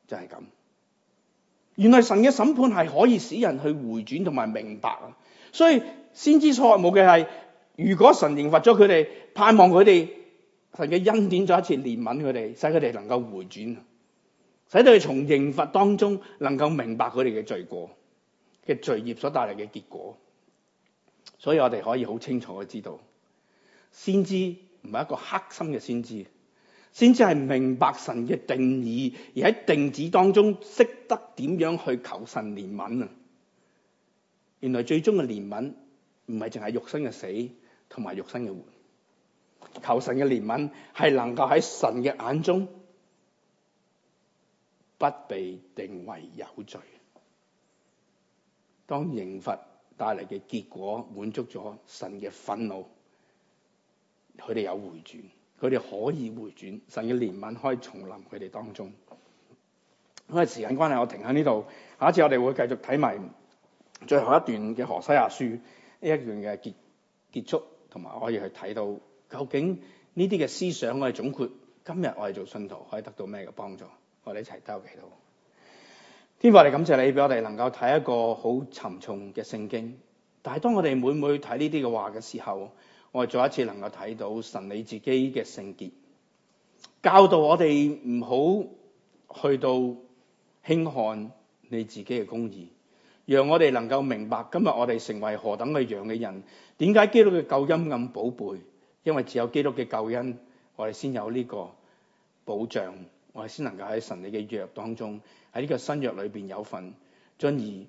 就係、是、咁。原來神嘅審判係可以使人去回轉同埋明白啊，所以。先知所望嘅係，如果神刑罰咗佢哋，盼望佢哋神嘅恩典再一次憐憫佢哋，使佢哋能夠回轉，使到佢從刑罰當中能夠明白佢哋嘅罪過嘅罪孽所帶嚟嘅結果。所以我哋可以好清楚嘅知道，先知唔係一個黑心嘅先知，先知係明白神嘅定義，而喺定旨當中識得點樣去求神憐憫啊！原來最終嘅憐憫。唔係淨係肉身嘅死同埋肉身嘅活，求神嘅憐憫係能夠喺神嘅眼中不被定為有罪。當刑罰帶嚟嘅結果滿足咗神嘅憤怒，佢哋有回轉，佢哋可以回轉。神嘅憐憫可以重臨佢哋當中。因為時間關係，我停喺呢度。下一次我哋會繼續睇埋最後一段嘅何西阿書。這一段嘅結結束，同埋可以去睇到究竟呢啲嘅思想，我哋總括今日我哋做信徒可以得到咩嘅幫助？我哋一齊都嚟到。天父，我哋感謝你俾我哋能夠睇一個好沉重嘅聖經。但係當我哋每每睇呢啲嘅話嘅時候，我哋再一次能夠睇到神你自己嘅聖潔，教導我哋唔好去到輕看你自己嘅公義。讓我哋能夠明白今日我哋成為何等嘅樣嘅人，點解基督嘅救恩咁寶貝？因為只有基督嘅救恩，我哋先有呢個保障，我哋先能夠喺神你嘅約當中，喺呢個新約裏邊有份，進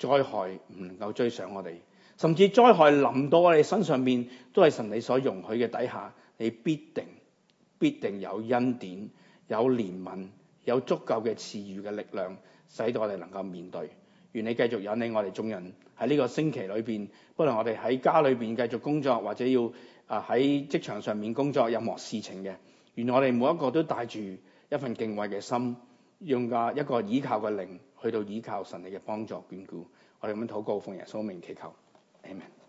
而災害唔能夠追上我哋，甚至災害臨到我哋身上面，都係神你所容許嘅底下，你必定必定有恩典、有憐憫、有足夠嘅賜予嘅力量，使到我哋能夠面對。願你繼續引領我哋眾人喺呢個星期裏邊，不論我哋喺家裏邊繼續工作，或者要啊喺職場上面工作任何事情嘅，願我哋每一個都帶住一份敬畏嘅心，用一個依靠嘅靈去到依靠神你嘅幫助眷顧。我哋咁樣禱告奉耶穌名祈求，Amen.